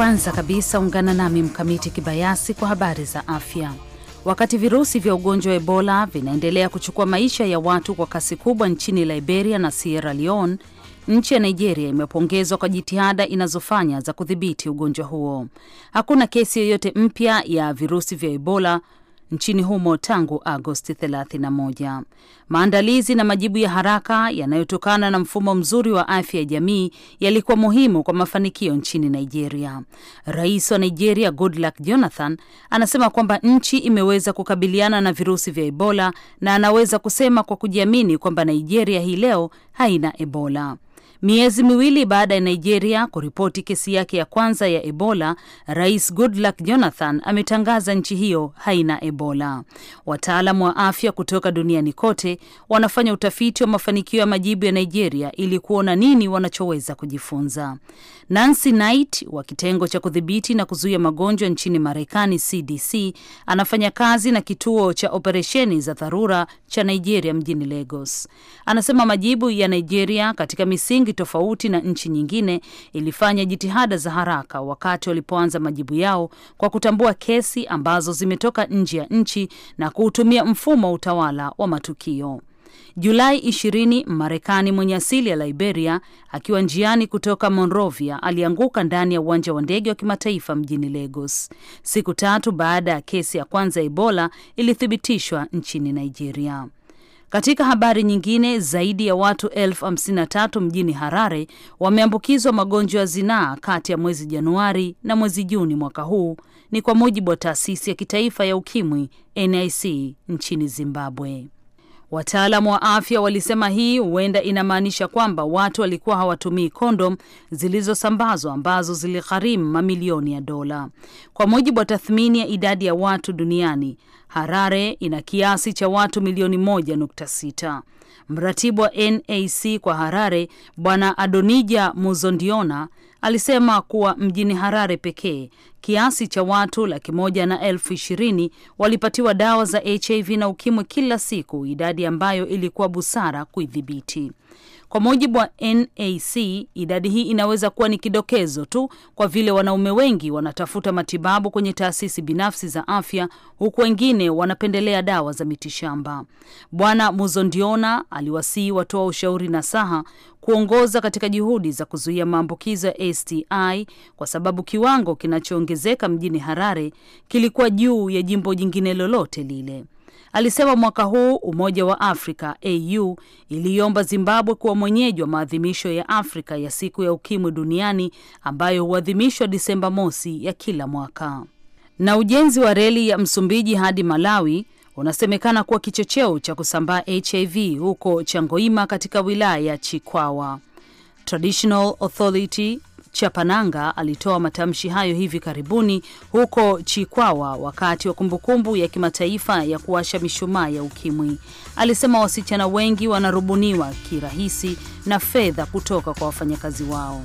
Kwanza kabisa ungana nami Mkamiti Kibayasi kwa habari za afya. Wakati virusi vya ugonjwa wa Ebola vinaendelea kuchukua maisha ya watu kwa kasi kubwa nchini Liberia na Sierra Leone, nchi ya Nigeria imepongezwa kwa jitihada inazofanya za kudhibiti ugonjwa huo. Hakuna kesi yoyote mpya ya virusi vya Ebola nchini humo tangu Agosti 31. Maandalizi na majibu ya haraka yanayotokana na mfumo mzuri wa afya ya jamii yalikuwa muhimu kwa mafanikio nchini Nigeria. Rais wa Nigeria Goodluck Jonathan anasema kwamba nchi imeweza kukabiliana na virusi vya Ebola na anaweza kusema kwa kujiamini kwamba Nigeria hii leo haina Ebola. Miezi miwili baada ya Nigeria kuripoti kesi yake ya kwanza ya Ebola, Rais Goodluck Jonathan ametangaza nchi hiyo haina Ebola. wataalam wa afya kutoka duniani kote wanafanya utafiti wa mafanikio ya majibu ya Nigeria ili kuona nini wanachoweza kujifunza. Nancy Knight wa kitengo cha kudhibiti na kuzuia magonjwa nchini Marekani, CDC, anafanya kazi na kituo cha operesheni za dharura cha Nigeria mjini Lagos. Anasema majibu ya Nigeria katika misingi rangi tofauti na nchi nyingine ilifanya jitihada za haraka wakati walipoanza majibu yao kwa kutambua kesi ambazo zimetoka nje ya nchi na kuutumia mfumo wa utawala wa matukio. Julai 20, Marekani mwenye asili ya Liberia akiwa njiani kutoka Monrovia alianguka ndani ya uwanja wa ndege wa kimataifa mjini Lagos, siku tatu baada ya kesi ya kwanza ya Ebola ilithibitishwa nchini Nigeria. Katika habari nyingine, zaidi ya watu elfu hamsini na tatu mjini Harare wameambukizwa magonjwa ya zinaa kati ya mwezi Januari na mwezi Juni mwaka huu, ni kwa mujibu wa taasisi ya kitaifa ya ukimwi NIC nchini Zimbabwe. Wataalamu wa afya walisema hii huenda inamaanisha kwamba watu walikuwa hawatumii kondom zilizosambazwa ambazo ziligharimu mamilioni ya dola. Kwa mujibu wa tathmini ya idadi ya watu duniani, Harare ina kiasi cha watu milioni sita. Mratibu wa NAC kwa Harare Bwana Adonija Muzondiona alisema kuwa mjini Harare pekee kiasi cha watu laki moja na elfu ishirini walipatiwa dawa za HIV na ukimwi kila siku, idadi ambayo ilikuwa busara kuidhibiti. Kwa mujibu wa NAC, idadi hii inaweza kuwa ni kidokezo tu, kwa vile wanaume wengi wanatafuta matibabu kwenye taasisi binafsi za afya, huku wengine wanapendelea dawa za mitishamba. Bwana Muzondiona aliwasihi watoa ushauri na saha kuongoza katika juhudi za kuzuia maambukizo ya STI kwa sababu kiwango kinachoongezeka mjini Harare kilikuwa juu ya jimbo jingine lolote lile. Alisema mwaka huu Umoja wa Afrika AU iliomba Zimbabwe kuwa mwenyeji wa maadhimisho ya Afrika ya siku ya ukimwi duniani ambayo huadhimishwa Disemba mosi ya kila mwaka. Na ujenzi wa reli ya Msumbiji hadi Malawi unasemekana kuwa kichocheo cha kusambaa HIV huko Changoima katika wilaya ya Chikwawa. Traditional Authority Chapananga alitoa matamshi hayo hivi karibuni huko Chikwawa wakati wa kumbukumbu ya kimataifa ya kuwasha mishumaa ya ukimwi. Alisema wasichana wengi wanarubuniwa kirahisi na fedha kutoka kwa wafanyakazi wao.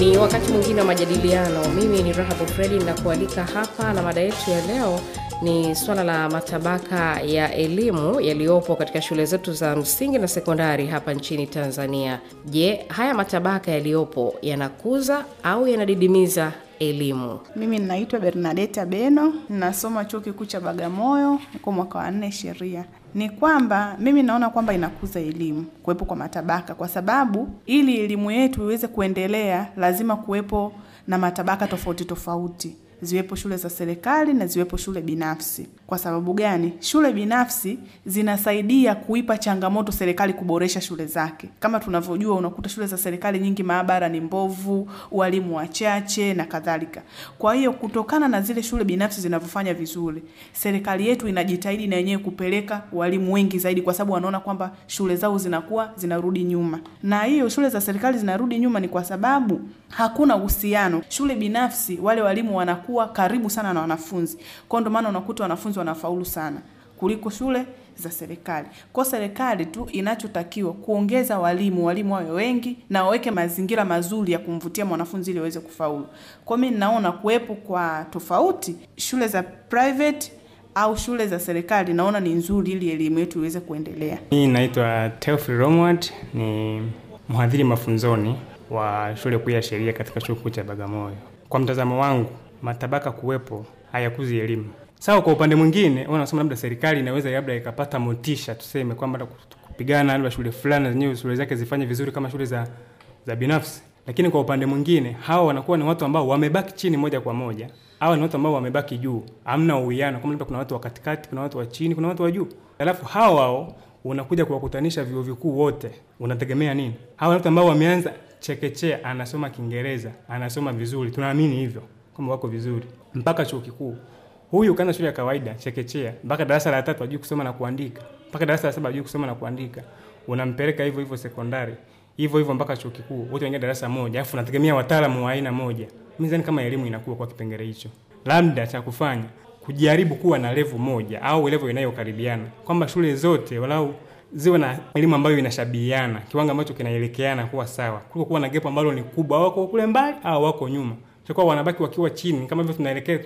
Ni wakati mwingine wa majadiliano. Mimi ni Rahabu Fredi ninakualika hapa, na mada yetu ya leo ni swala la matabaka ya elimu yaliyopo katika shule zetu za msingi na sekondari hapa nchini Tanzania. Je, haya matabaka yaliyopo yanakuza au yanadidimiza elimu. Mimi ninaitwa Bernadeta Beno, ninasoma chuo kikuu cha Bagamoyo, niko mwaka wa nne sheria ni kwamba mimi naona kwamba inakuza elimu kuwepo kwa matabaka, kwa sababu ili elimu yetu iweze kuendelea lazima kuwepo na matabaka tofauti tofauti ziwepo shule za serikali na ziwepo shule binafsi. Kwa sababu gani? Shule binafsi zinasaidia kuipa changamoto serikali kuboresha shule zake. Kama tunavyojua, unakuta shule za serikali nyingi maabara ni mbovu, walimu wachache na kadhalika. Kwa hiyo kutokana na zile shule binafsi zinavyofanya vizuri, serikali yetu inajitahidi na yenyewe kupeleka walimu wengi zaidi, kwa sababu wanaona kwamba shule zao zinakuwa zinarudi nyuma. Na hiyo shule za serikali zinarudi nyuma ni kwa sababu hakuna uhusiano. Shule binafsi wale walimu wanakuwa anakuwa karibu sana na wanafunzi. Kwa hiyo ndio maana unakuta wanafunzi wanafaulu sana kuliko shule za serikali. Kwa serikali tu inachotakiwa kuongeza walimu, walimu wawe wengi na waweke mazingira mazuri ya kumvutia mwanafunzi ili aweze kufaulu. Kwa mimi naona kuwepo kwa tofauti shule za private au shule za serikali naona ni nzuri ili elimu yetu iweze kuendelea. Mimi naitwa Teofil Romward, ni mhadhiri mafunzoni wa shule kuu ya sheria katika chuo kikuu cha Bagamoyo. Kwa mtazamo wangu, matabaka kuwepo hayakuzi elimu. Sawa, kwa upande mwingine unasema labda serikali inaweza labda ikapata motisha, tuseme kwamba kupigana labda shule fulani zenyewe shule zake zifanye vizuri kama shule za, za binafsi, lakini kwa upande mwingine hawa wanakuwa ni watu ambao wamebaki chini moja kwa moja. Hawa ni watu ambao wamebaki juu, hamna uwiano. Kama labda kuna watu wa katikati, kuna watu wa chini, kuna watu wa juu, alafu hawa wao unakuja kuwakutanisha vyuo vikuu wote, unategemea nini? Hawa watu ambao wameanza chekechea, anasoma Kiingereza, anasoma vizuri, tunaamini hivyo kama wako vizuri mpaka chuo kikuu. Huyu kana shule ya kawaida chekechea mpaka darasa la tatu ajui kusoma na kuandika, mpaka darasa la saba ajui kusoma na kuandika, unampeleka hivyo hivyo sekondari, hivyo hivyo mpaka chuo kikuu, wote wengine darasa moja, afu unategemea wataalamu wa aina moja. Mimi nadhani kama elimu inakuwa kwa kipengele hicho, labda cha kufanya kujaribu kuwa na level moja au level inayokaribiana, kwamba shule zote walau ziwe na elimu ambayo inashabihiana, kiwango ambacho kinaelekeana kuwa sawa, kuliko kuwa na gepo ambalo ni kubwa, wako kule mbali au wako nyuma itakuwa wanabaki wakiwa chini, kama hivyo tunaelekea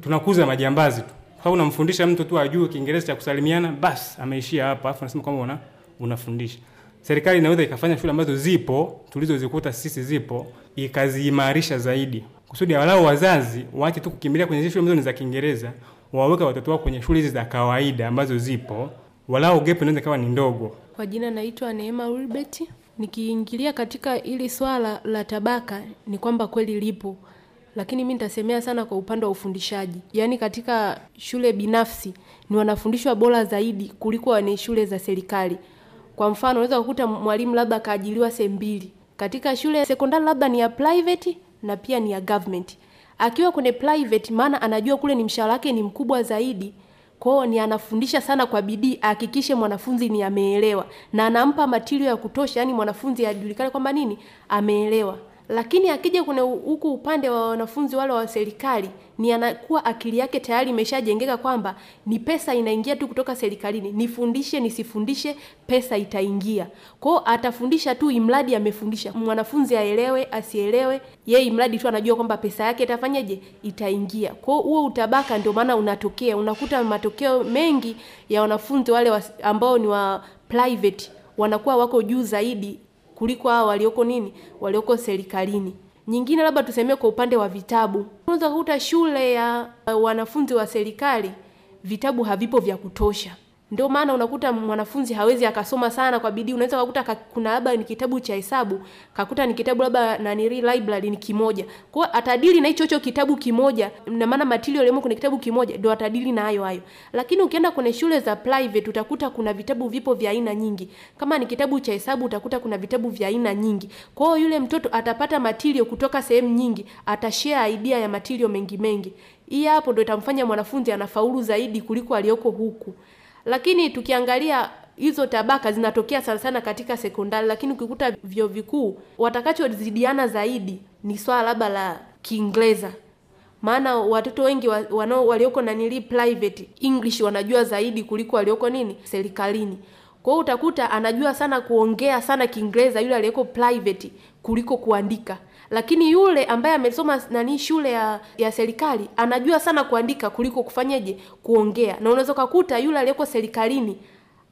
tunakuza majambazi tu, kwa sababu unamfundisha mtu tu ajue Kiingereza cha kusalimiana, basi ameishia hapa, afu nasema kwamba una unafundisha. Serikali inaweza ikafanya shule ambazo zipo tulizozikuta sisi zipo, ikaziimarisha zaidi kusudi walau wazazi waache tu kukimbilia kwenye shule ambazo ni za Kiingereza, waweke watoto wao kwenye shule hizi za kawaida ambazo zipo, walau gap inaweza ikawa ni ndogo. Kwa jina naitwa Neema Ulbeti nikiingilia katika hili swala la tabaka ni kwamba kweli lipo, lakini mi nitasemea sana kwa upande wa ufundishaji. Yaani katika shule binafsi ni wanafundishwa bora zaidi kuliko ni shule za serikali. Kwa mfano, unaweza kukuta mwalimu labda akaajiliwa sehemu mbili, katika shule sekondari labda ni ya private na pia ni ya government. Akiwa kwenye private, maana anajua kule ni mshahara wake ni mkubwa zaidi kwa hiyo ni anafundisha sana kwa bidii, ahakikishe mwanafunzi ni ameelewa na anampa matirio ya kutosha, yani mwanafunzi ajulikane kwamba nini ameelewa lakini akija kuna huku upande wa wanafunzi wale wa serikali ni anakuwa akili yake tayari imeshajengeka kwamba ni pesa inaingia tu kutoka serikalini, nifundishe nisifundishe, pesa itaingia. Kwao atafundisha tu imradi amefundisha, mwanafunzi aelewe asielewe, yeye imradi tu anajua kwamba pesa yake itafanyaje, itaingia. Kwao huo utabaka ndio maana unatokea, unakuta matokeo mengi ya wanafunzi wale wa, ambao ni wa private wanakuwa wako juu zaidi kuliko hao walioko nini, walioko serikalini. Nyingine labda tusemee kwa upande wa vitabu, unaweza kukuta shule ya uh, wanafunzi wa serikali vitabu havipo vya kutosha. Ndio maana unakuta mwanafunzi hawezi akasoma sana kwa bidii. Unaweza kukuta kuna labda ni kitabu cha hesabu, kakuta ni kitabu labda na ni library ni kimoja. Kwa hiyo atadili na hicho hicho kitabu kimoja, na maana material yemo kuna kitabu kimoja ndio atadili na hayo hayo. Lakini ukienda kwenye shule za private utakuta kuna vitabu vipo vya aina nyingi. Kama ni kitabu cha hesabu utakuta kuna vitabu vya aina nyingi. Kwa hiyo yule mtoto atapata material kutoka sehemu nyingi, atashare idea ya material mengi mengi. Hii hapo ndio itamfanya mwanafunzi anafaulu zaidi kuliko aliyoko huku. Lakini tukiangalia hizo tabaka zinatokea sana sana katika sekondari, lakini ukikuta vyo vikuu watakachozidiana zaidi ni swala labda la Kiingereza, maana watoto wengi wa, walioko nanili private English wanajua zaidi kuliko walioko nini serikalini. Kwa hiyo utakuta anajua sana kuongea sana Kiingereza yule aliyeko private kuliko kuandika lakini yule ambaye amesoma nani shule ya, ya serikali anajua sana kuandika kuliko kufanyaje kuongea, na unaweza ukakuta yule aliyeko serikalini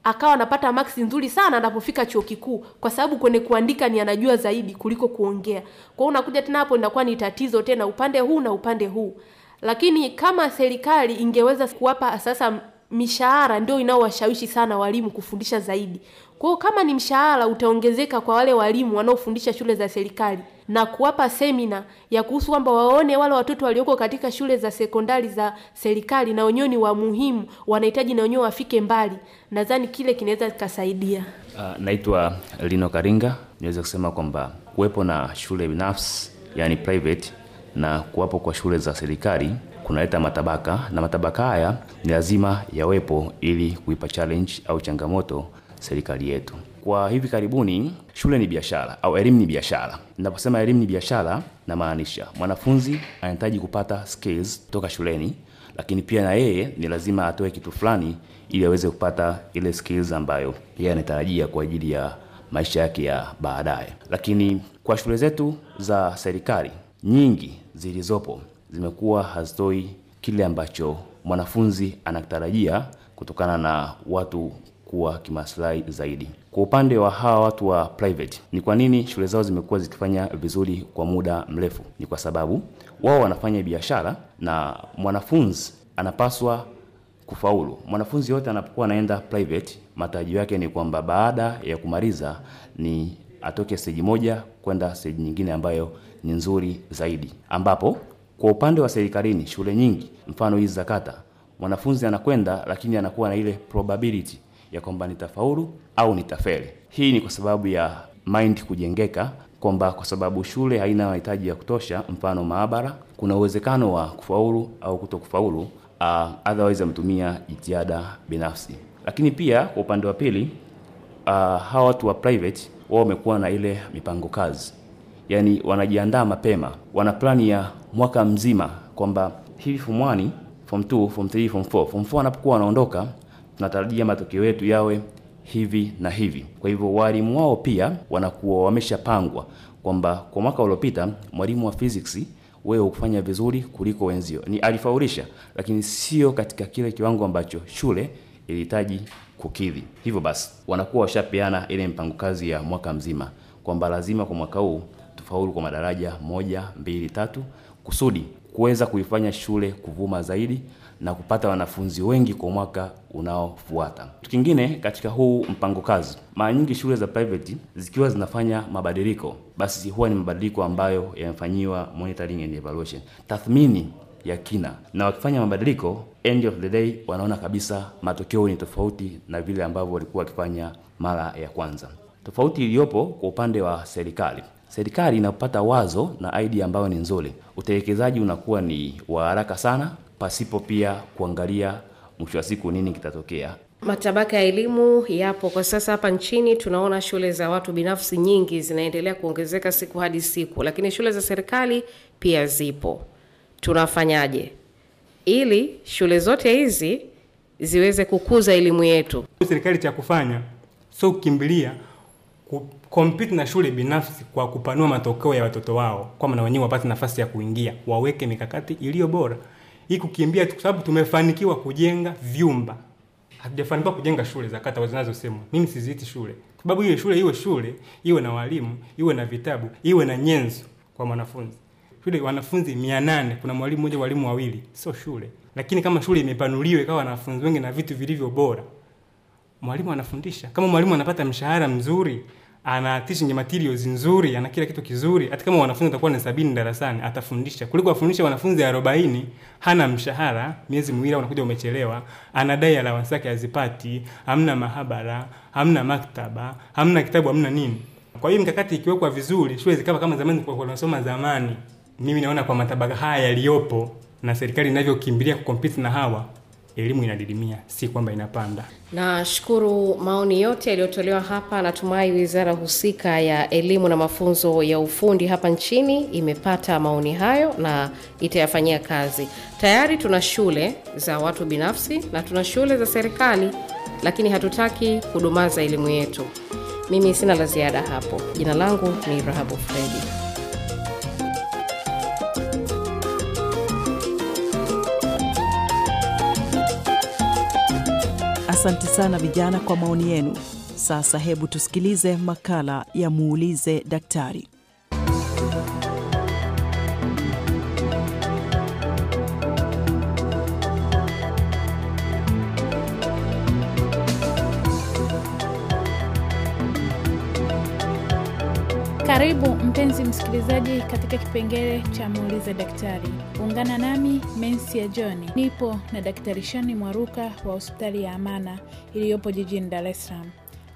akawa anapata maksi nzuri sana anapofika chuo kikuu, kwa sababu kwenye kuandika ni anajua zaidi kuliko kuongea. Kwa unakuja tena hapo inakuwa ni tatizo tena upande huu na upande huu, lakini kama serikali ingeweza kuwapa sasa mishahara, ndio inaowashawishi sana walimu kufundisha zaidi. Kwa kama ni mshahara utaongezeka kwa wale walimu wanaofundisha shule za serikali na kuwapa semina ya kuhusu kwamba waone wale watoto walioko katika shule za sekondari za serikali na wenyewe ni wa muhimu, wanahitaji na wenyewe wafike mbali, nadhani kile kinaweza kikasaidia. Uh, naitwa Lino Karinga. niweze kusema kwamba kuwepo na shule binafsi, yani private, na kuwapo kwa shule za serikali kunaleta matabaka, na matabaka haya ni lazima yawepo ili kuipa challenge au changamoto serikali yetu. Kwa hivi karibuni, shule ni biashara au elimu ni biashara. Ninaposema elimu ni biashara, namaanisha mwanafunzi anahitaji kupata skills kutoka shuleni, lakini pia na yeye ni lazima atoe kitu fulani ili aweze kupata ile skills ambayo yeye anatarajia kwa ajili ya maisha yake ya baadaye. Lakini kwa shule zetu za serikali nyingi zilizopo zimekuwa hazitoi kile ambacho mwanafunzi anatarajia kutokana na watu kuwa kimaslahi zaidi. Kwa upande wa hawa watu wa private, ni kwa nini shule zao zimekuwa zikifanya vizuri kwa muda mrefu? Ni kwa sababu wao wanafanya biashara, na mwanafunzi anapaswa kufaulu. Mwanafunzi yote anapokuwa anaenda private, matarajio yake ni kwamba baada ya kumaliza ni atoke stage moja kwenda stage nyingine ambayo ni nzuri zaidi, ambapo kwa upande wa serikalini, shule nyingi, mfano hizi za kata, mwanafunzi anakwenda, lakini anakuwa na ile probability ya kwamba nitafaulu au nitafeli. Hii ni kwa sababu ya mind kujengeka kwamba kwa sababu shule haina mahitaji ya kutosha, mfano maabara, kuna uwezekano wa kufaulu au kutokufaulu. Uh, otherwise ametumia jitihada binafsi. Lakini pia kwa upande wa pili, uh, hawa watu wa private wao wamekuwa na ile mipango kazi, yaani wanajiandaa mapema, wana plani ya mwaka mzima kwamba hivi fomwani, form 2, form 3, form 4, form 4 anapokuwa anaondoka, tunatarajia matokeo yetu yawe hivi na hivi. Kwa hivyo walimu wao pia wanakuwa wameshapangwa kwamba kwa mwaka uliopita mwalimu wa physics wewe ukufanya vizuri kuliko wenzio, ni alifaulisha, lakini sio katika kile kiwango ambacho shule ilihitaji kukidhi. Hivyo basi wanakuwa washapeana ile mpango kazi ya mwaka mzima kwamba lazima kwa mwaka huu tufaulu kwa madaraja moja, mbili, tatu kusudi kuweza kuifanya shule kuvuma zaidi na kupata wanafunzi wengi kwa mwaka unaofuata. Kitu kingine katika huu mpango kazi, mara nyingi shule za private zikiwa zinafanya mabadiliko, basi huwa ni mabadiliko ambayo yamefanyiwa monitoring and evaluation, tathmini ya kina, na wakifanya mabadiliko end of the day wanaona kabisa matokeo ni tofauti na vile ambavyo walikuwa wakifanya mara ya kwanza. Tofauti iliyopo kwa upande wa serikali, serikali inapata wazo na idea ambayo ni nzuri, utekelezaji unakuwa ni wa haraka sana pasipo pia kuangalia mwisho wa siku nini kitatokea. Matabaka ya elimu yapo kwa sasa hapa nchini. Tunaona shule za watu binafsi nyingi zinaendelea kuongezeka siku hadi siku, lakini shule za serikali pia zipo. Tunafanyaje ili shule zote hizi ziweze kukuza elimu yetu? Serikali cha kufanya sio kukimbilia kompiti na shule binafsi kwa kupanua matokeo ya watoto wao, kwama na wenyewe wapate nafasi ya kuingia, waweke mikakati iliyo bora hii kukimbia tu, kwa sababu tumefanikiwa kujenga vyumba, hatujafanikiwa kujenga shule za kata zinazosemwa. Mimi siziiti shule, kwa sababu hiyo shule iwe shule, iwe na walimu, iwe na vitabu, iwe na nyenzo kwa mwanafunzi. Shule wanafunzi 800 kuna mwalimu mmoja, walimu wawili, sio shule. Lakini kama shule imepanuliwa ikawa wanafunzi wengi na vitu vilivyo bora, mwalimu anafundisha. Kama mwalimu anapata mshahara mzuri, ana teaching materials nzuri, ana kila kitu kizuri. Hata kama wanafunzi watakuwa na sabini darasani, atafundisha kuliko afundishe wanafunzi arobaini, hana mshahara, miezi miwili unakuja umechelewa, anadai allowance yake azipati, hamna mahabara, hamna maktaba, hamna kitabu, hamna nini. Kwa hiyo mkakati ikiwekwa vizuri, shule zikawa kama zamani kwa nasoma zamani, mimi naona kwa matabaka haya yaliyopo na serikali inavyokimbilia kukompiti na hawa elimu inadidimia, si kwamba inapanda. Nashukuru maoni yote yaliyotolewa hapa. Natumai wizara husika ya elimu na mafunzo ya ufundi hapa nchini imepata maoni hayo na itayafanyia kazi. Tayari tuna shule za watu binafsi na tuna shule za serikali, lakini hatutaki kudumaza elimu yetu. Mimi sina la ziada hapo. Jina langu ni Rahabu Fredi. Asante sana vijana kwa maoni yenu. Sasa hebu tusikilize makala ya muulize daktari. Karibu mpenzi msikilizaji, katika kipengele cha muulize daktari. Ungana nami Mensia John, nipo na Daktari Shani Mwaruka wa hospitali ya Amana iliyopo jijini Dar es Salaam,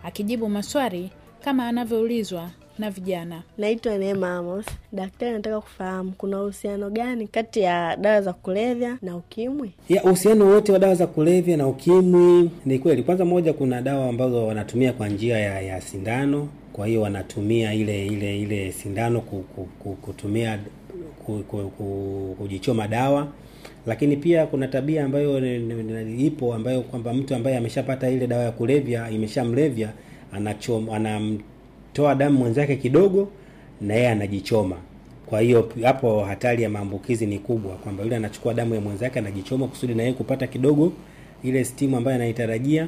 akijibu maswali kama anavyoulizwa na vijana. Naitwa Neema Amos. Daktari, anataka kufahamu kuna uhusiano gani kati ya dawa za kulevya na ukimwi? Ya uhusiano wote wa dawa za kulevya na ukimwi ni kweli. Kwanza moja, kuna dawa ambazo wanatumia kwa njia ya, ya sindano kwa hiyo wanatumia ile ile ile sindano kutumia kujichoma dawa, lakini pia kuna tabia ambayo ipo ambayo kwamba mtu ambaye ameshapata ile dawa ya kulevya imeshamlevya, anachoma anamtoa damu mwenzake kidogo, na yeye anajichoma. Kwa hiyo hapo hatari ya maambukizi ni kubwa, kwamba yule anachukua damu ya mwenzake anajichoma kusudi na yeye kupata kidogo ile stimu ambayo anaitarajia,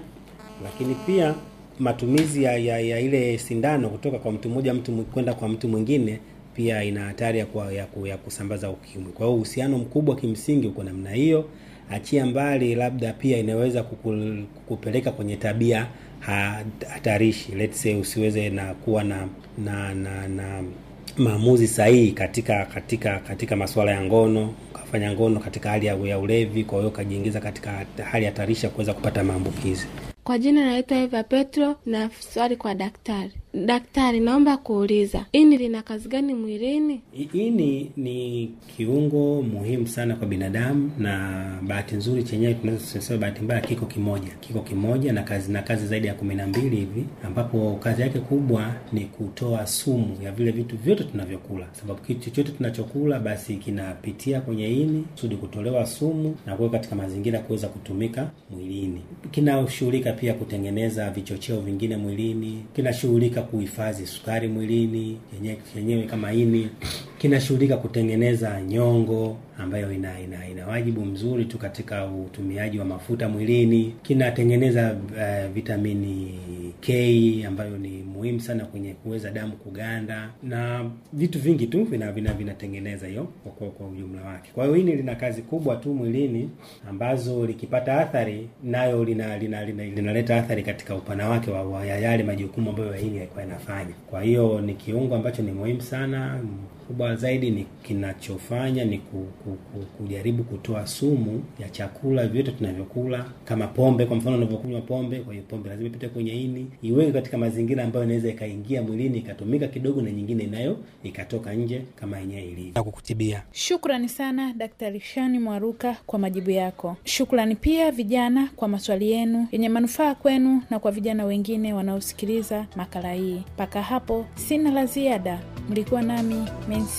lakini pia matumizi ya, ya, ya ile sindano kutoka kwa mtu mmoja mtu kwenda kwa mtu mwingine pia ina hatari ya, ya, ya kusambaza ukimwi. Kwa hiyo uhusiano mkubwa kimsingi uko namna hiyo, achia mbali labda pia inaweza kukupeleka kwenye tabia hatarishi, let's say usiweze na kuwa na na na, na maamuzi sahihi katika katika katika masuala ya ngono, ukafanya ngono katika hali ya ulevi, kwa hiyo ukajiingiza katika hali hatarishi ya kuweza kupata maambukizi. Kwa jina naitwa Eva Petro na swali kwa daktari. Daktari, naomba kuuliza, ini lina kazi gani mwilini? Ini ni kiungo muhimu sana kwa binadamu, na bahati nzuri chenyewe tunasema, bahati mbaya, kiko kimoja, kiko kimoja na kazi na kazi zaidi ya kumi na mbili hivi, ambapo kazi yake kubwa ni kutoa sumu ya vile vitu vyote tunavyokula, sababu kitu chochote tunachokula basi kinapitia kwenye ini kusudi kutolewa sumu na kuweka katika mazingira kuweza kutumika mwilini. Kinashughulika pia kutengeneza vichocheo vingine mwilini, kinashughulika kuhifadhi sukari mwilini yenyewe kama ini kinashughulika kutengeneza nyongo ambayo ina, ina, ina wajibu mzuri tu katika utumiaji wa mafuta mwilini. Kinatengeneza uh, eh, vitamini K ambayo ni muhimu sana kwenye kuweza damu kuganda na vitu vingi tu vinatengeneza hiyo kwa, kwa ujumla wake. Kwa hiyo hili lina kazi kubwa tu mwilini ambazo likipata athari nayo linaleta lina, lina, lina, lina athari katika upana wake wa, wa yale majukumu ambayo ini yalikuwa yanafanya. Kwa hiyo ni kiungo ambacho ni muhimu sana mkubwa kubwa zaidi ni kinachofanya ni ku, ku, ku, kujaribu kutoa sumu ya chakula vyote tunavyokula, kama pombe kwa mfano. Unavyokunywa pombe, kwa hiyo pombe lazima ipite kwenye ini, iweke katika mazingira ambayo inaweza ikaingia mwilini ikatumika kidogo, na nyingine inayo ikatoka nje kama yenyewe ilivyo na kukutibia. Shukrani sana Daktari Shani Mwaruka kwa majibu yako. Shukrani pia vijana kwa maswali yenu yenye manufaa kwenu na kwa vijana wengine wanaosikiliza makala hii. Mpaka hapo sina la ziada, mlikuwa nami mens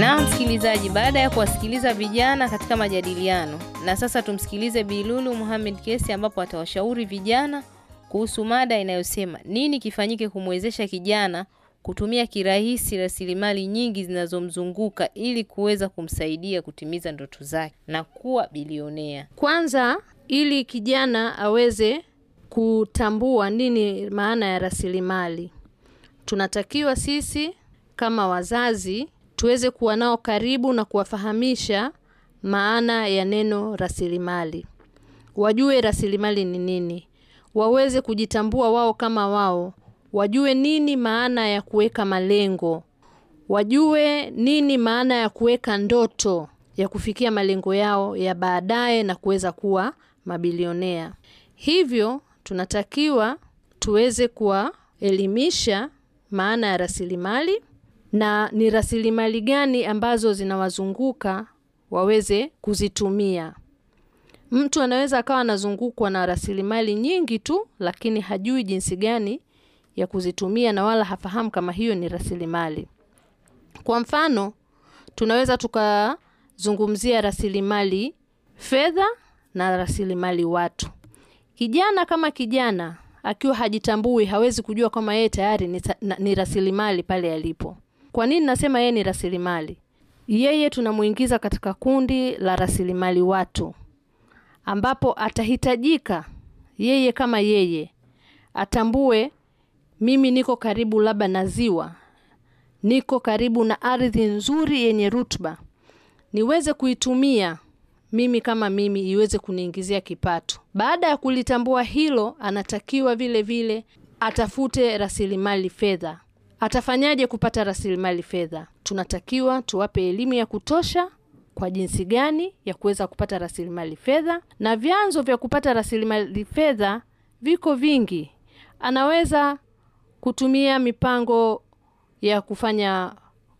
Na msikilizaji, baada ya kuwasikiliza vijana katika majadiliano, na sasa tumsikilize Bilulu Muhamed Kesi ambapo atawashauri vijana kuhusu mada inayosema nini kifanyike kumwezesha kijana kutumia kirahisi rasilimali nyingi zinazomzunguka ili kuweza kumsaidia kutimiza ndoto zake na kuwa bilionea. Kwanza, ili kijana aweze kutambua nini maana ya rasilimali, tunatakiwa sisi kama wazazi tuweze kuwa nao karibu na kuwafahamisha maana ya neno rasilimali, wajue rasilimali ni nini, waweze kujitambua wao kama wao, wajue nini maana ya kuweka malengo, wajue nini maana ya kuweka ndoto ya kufikia malengo yao ya baadaye na kuweza kuwa mabilionea. Hivyo tunatakiwa tuweze kuwaelimisha maana ya rasilimali na ni rasilimali gani ambazo zinawazunguka waweze kuzitumia. Mtu anaweza akawa anazungukwa na rasilimali nyingi tu, lakini hajui jinsi gani ya kuzitumia na wala hafahamu kama hiyo ni rasilimali. Kwa mfano, tunaweza tukazungumzia rasilimali fedha na rasilimali watu. Kijana kama kijana akiwa hajitambui, hawezi kujua kama yeye tayari ni, ni rasilimali pale alipo. Kwa nini nasema yeye ni rasilimali? Yeye tunamuingiza katika kundi la rasilimali watu, ambapo atahitajika yeye kama yeye atambue, mimi niko karibu labda na ziwa, niko karibu na ardhi nzuri yenye rutba niweze kuitumia mimi kama mimi iweze kuniingizia kipato. Baada ya kulitambua hilo, anatakiwa vile vile atafute rasilimali fedha Atafanyaje kupata rasilimali fedha? Tunatakiwa tuwape elimu ya kutosha kwa jinsi gani ya kuweza kupata rasilimali fedha, na vyanzo vya kupata rasilimali fedha viko vingi. Anaweza kutumia mipango ya kufanya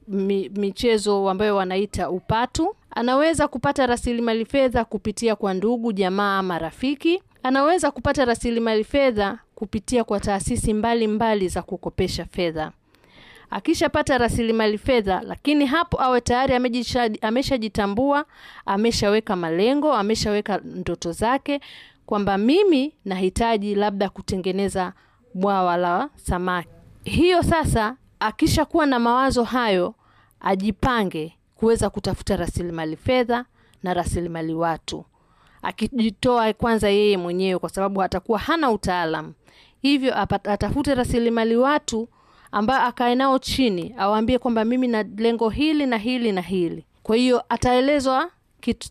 mi, michezo ambayo wanaita upatu. Anaweza kupata rasilimali fedha kupitia kwa ndugu, jamaa, ama rafiki Anaweza kupata rasilimali fedha kupitia kwa taasisi mbalimbali mbali za kukopesha fedha akishapata rasilimali fedha, lakini hapo awe tayari ameshajitambua, ameshaweka malengo, ameshaweka ndoto zake kwamba mimi nahitaji labda kutengeneza bwawa la samaki. Hiyo sasa, akishakuwa na mawazo hayo, ajipange kuweza kutafuta rasilimali fedha na rasilimali watu, akijitoa kwanza yeye mwenyewe, kwa sababu atakuwa hana utaalamu. Hivyo atafute rasilimali watu ambaye akae nao chini awaambie kwamba mimi na lengo hili na hili na hili. Kwa hiyo ataelezwa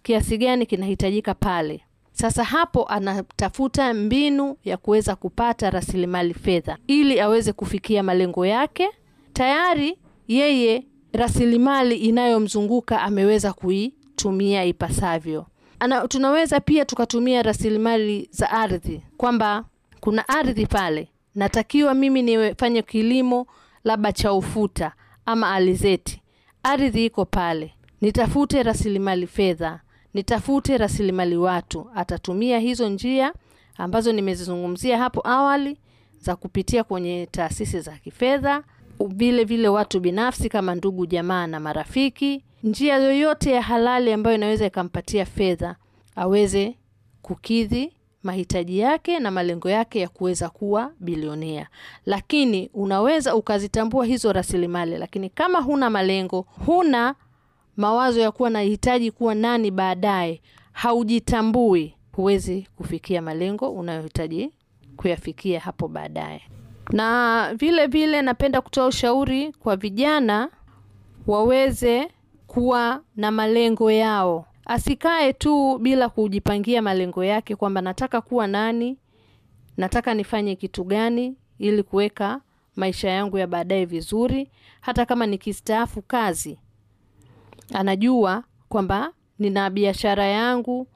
kiasi gani kinahitajika pale. Sasa hapo anatafuta mbinu ya kuweza kupata rasilimali fedha ili aweze kufikia malengo yake. Tayari yeye rasilimali inayomzunguka ameweza kuitumia ipasavyo. Ana, tunaweza pia tukatumia rasilimali za ardhi kwamba kuna ardhi pale natakiwa mimi nifanye kilimo labda cha ufuta ama alizeti, ardhi iko pale, nitafute rasilimali fedha, nitafute rasilimali watu. Atatumia hizo njia ambazo nimezizungumzia hapo awali za kupitia kwenye taasisi za kifedha, vile vile watu binafsi kama ndugu, jamaa na marafiki, njia yoyote ya halali ambayo inaweza ikampatia fedha aweze kukidhi mahitaji yake na malengo yake ya kuweza kuwa bilionea. Lakini unaweza ukazitambua hizo rasilimali, lakini kama huna malengo, huna mawazo ya kuwa nahitaji kuwa nani baadaye, haujitambui, huwezi kufikia malengo unayohitaji kuyafikia hapo baadaye. Na vile vile napenda kutoa ushauri kwa vijana waweze kuwa na malengo yao asikae tu bila kujipangia malengo yake kwamba nataka kuwa nani, nataka nifanye kitu gani ili kuweka maisha yangu ya baadaye vizuri. Hata kama nikistaafu kazi, anajua kwamba nina biashara yangu,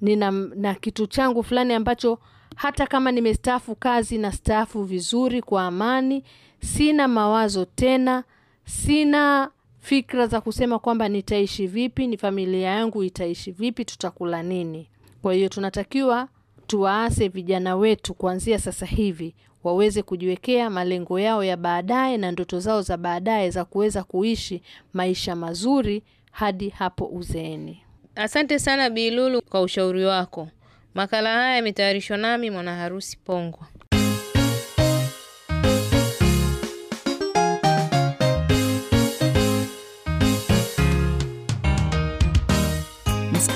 nina na kitu changu fulani ambacho hata kama nimestaafu kazi na staafu vizuri kwa amani, sina mawazo tena, sina fikra za kusema kwamba nitaishi vipi, ni familia yangu itaishi vipi, tutakula nini. Kwa hiyo tunatakiwa tuwaase vijana wetu kuanzia sasa hivi waweze kujiwekea malengo yao ya baadaye na ndoto zao za baadaye za kuweza kuishi maisha mazuri hadi hapo uzeeni. Asante sana Bilulu kwa ushauri wako. Makala haya yametayarishwa nami Mwanaharusi Pongwa.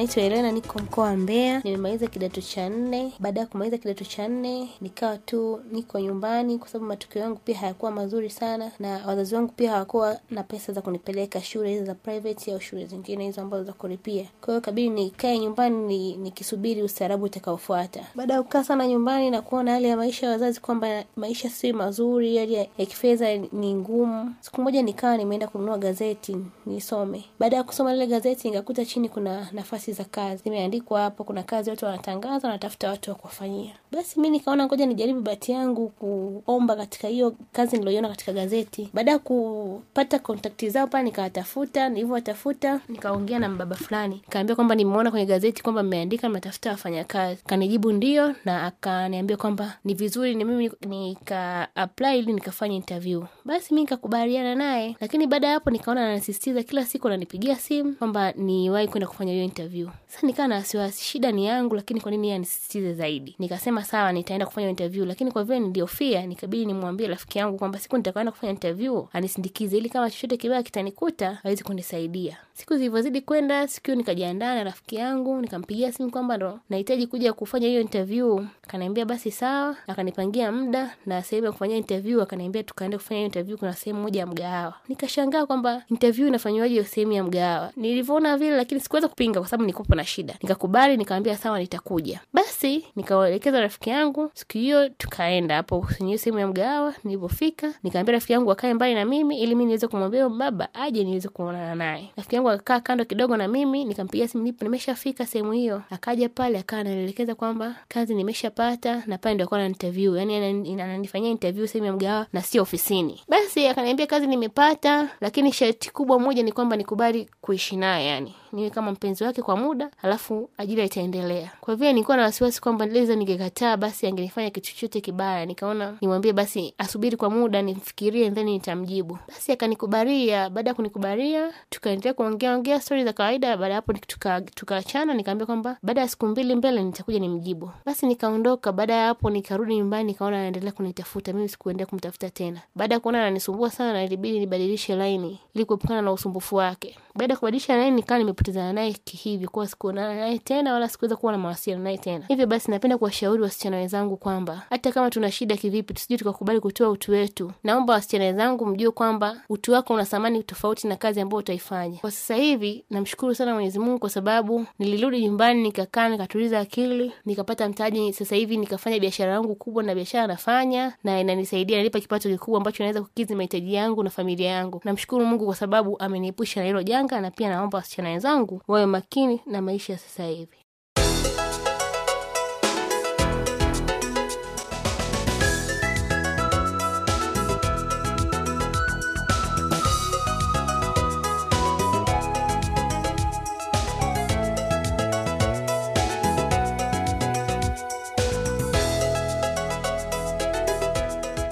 naitwa Elena, niko mkoa wa Mbeya. Nimemaliza kidato cha nne. Baada ya kumaliza kidato cha nne, nikawa tu niko nyumbani, kwa sababu matokeo yangu pia hayakuwa mazuri sana, na wazazi wangu pia hawakuwa na pesa za kunipeleka shule hizo za private au shule zingine hizo ambazo za kulipia. Kwa hiyo kabidi nikae nyumbani nikisubiri ni ustaarabu utakaofuata. Baada ya kukaa sana nyumbani na kuona hali ya maisha ya wazazi kwamba maisha si mazuri, hali ya kifedha ni ngumu, siku moja nikawa nimeenda kununua gazeti nisome. Baada ya kusoma lile gazeti, nikakuta chini kuna nafasi nafasi za kazi zimeandikwa hapo, kuna kazi watu wanatangaza, wanatafuta watu wa kuwafanyia. Basi mi nikaona ngoja nijaribu bahati yangu kuomba katika hiyo kazi niliyoiona katika gazeti. Baada ya kupata kontakti zao pale, nikawatafuta. Nilivyowatafuta nikaongea na mbaba fulani, nikaambia kwamba nimeona kwenye gazeti kwamba mmeandika mnatafuta wafanyakazi. Kanijibu ndio, na akaniambia kwamba ni vizuri ni mimi nika apply ili nikafanya interview. Basi mi nikakubaliana naye, lakini baada ya hapo nikaona anasisitiza kila siku ananipigia simu kwamba niwahi kwenda kufanya hiyo interview interview. Sasa nikaa na wasiwasi, shida ni yangu, lakini kwa nini yeye anisisitize zaidi? Nikasema sawa, nitaenda kufanya interview, lakini kwa vile niliofia, nikabidi nimwambie rafiki yangu kwamba siku nitakaenda kufanya interview anisindikize, ili kama chochote kibaya kitanikuta awezi kunisaidia siku zilivyozidi kwenda siku nikajiandaa na rafiki yangu nikampigia simu kwamba ndo nahitaji kuja kufanya hiyo interview akaniambia basi sawa akanipangia muda na sehemu ya kufanyia interview akaniambia tukaende kufanya hiyo interview kuna sehemu moja ya mgahawa nikashangaa kwamba interview inafanywaje sehemu ya mgahawa nilivyoona vile lakini sikuweza kupinga kwa sababu nilikuwa na shida nikakubali nikamwambia sawa nitakuja basi nikawaelekeza rafiki yangu siku hiyo tukaenda hapo kwenye sehemu ya mgahawa nilipofika nikamwambia rafiki yangu akae mbali na mimi ili mimi niweze kumwambia baba aje niweze kuonana naye rafiki yangu akakaa kando kidogo na mimi, nikampigia simu nipo nimeshafika sehemu hiyo. Akaja pale akawa ananielekeza kwamba kazi nimeshapata na pale ndio alikuwa ananiinterview, yani ananifanyia interview sehemu ya mgawa na sio ofisini. Basi akaniambia kazi nimepata, lakini sharti kubwa moja ni kwamba nikubali kuishi naye yani niwe kama mpenzi wake kwa muda, alafu ajira itaendelea. Kwa vile nilikuwa na wasiwasi kwamba leza ningekataa, basi angenifanya kitu chochote kibaya. Nikaona nimwambie basi asubiri kwa muda nimfikirie, then nitamjibu. Basi akanikubaria Baada ya kunikubaria tukaendelea kuongea ongea stori za kawaida. Baada ya hapo tukaachana, tuka nikaambia kwamba baada ya siku mbili mbele nitakuja nimjibu. Basi nikaondoka. Baada ya hapo nikarudi nyumbani, nikaona anaendelea kunitafuta. Mimi sikuendelea kumtafuta tena. Baada ya kuona ananisumbua sana, ilibidi nibadilishe laini ili kuepukana na usumbufu wake. Baada ya kubadilisha laini, nikaa nime kupotezana naye hivi, kwa sikuonana naye tena wala sikuweza kuwa na mawasiliano naye tena. Hivyo basi, napenda kuwashauri wasichana wenzangu kwamba hata kama tuna shida kivipi, tusijui tukakubali kutoa utu wetu. Naomba wasichana wenzangu mjue kwamba utu wako una thamani tofauti na kazi ambayo utaifanya. Kwa sasa hivi namshukuru sana Mwenyezi Mungu kwa sababu nilirudi nyumbani nikakaa, nikatuliza akili, nikapata mtaji. Sasa hivi nikafanya biashara yangu kubwa, na biashara nafanya na inanisaidia, nalipa kipato kikubwa ambacho naweza kukizi mahitaji yangu na familia yangu. Namshukuru Mungu kwa sababu ameniepusha na hilo janga, na pia naomba wasichana wenzangu wenzangu wawe makini na maisha sasa hivi.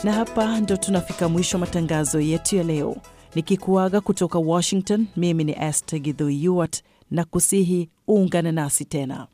Na hapa ndo tunafika mwisho matangazo yetu ya leo. Nikikuaga kutoka Washington, mimi ni Esther Githui Yuart na kusihi uungane nasi tena.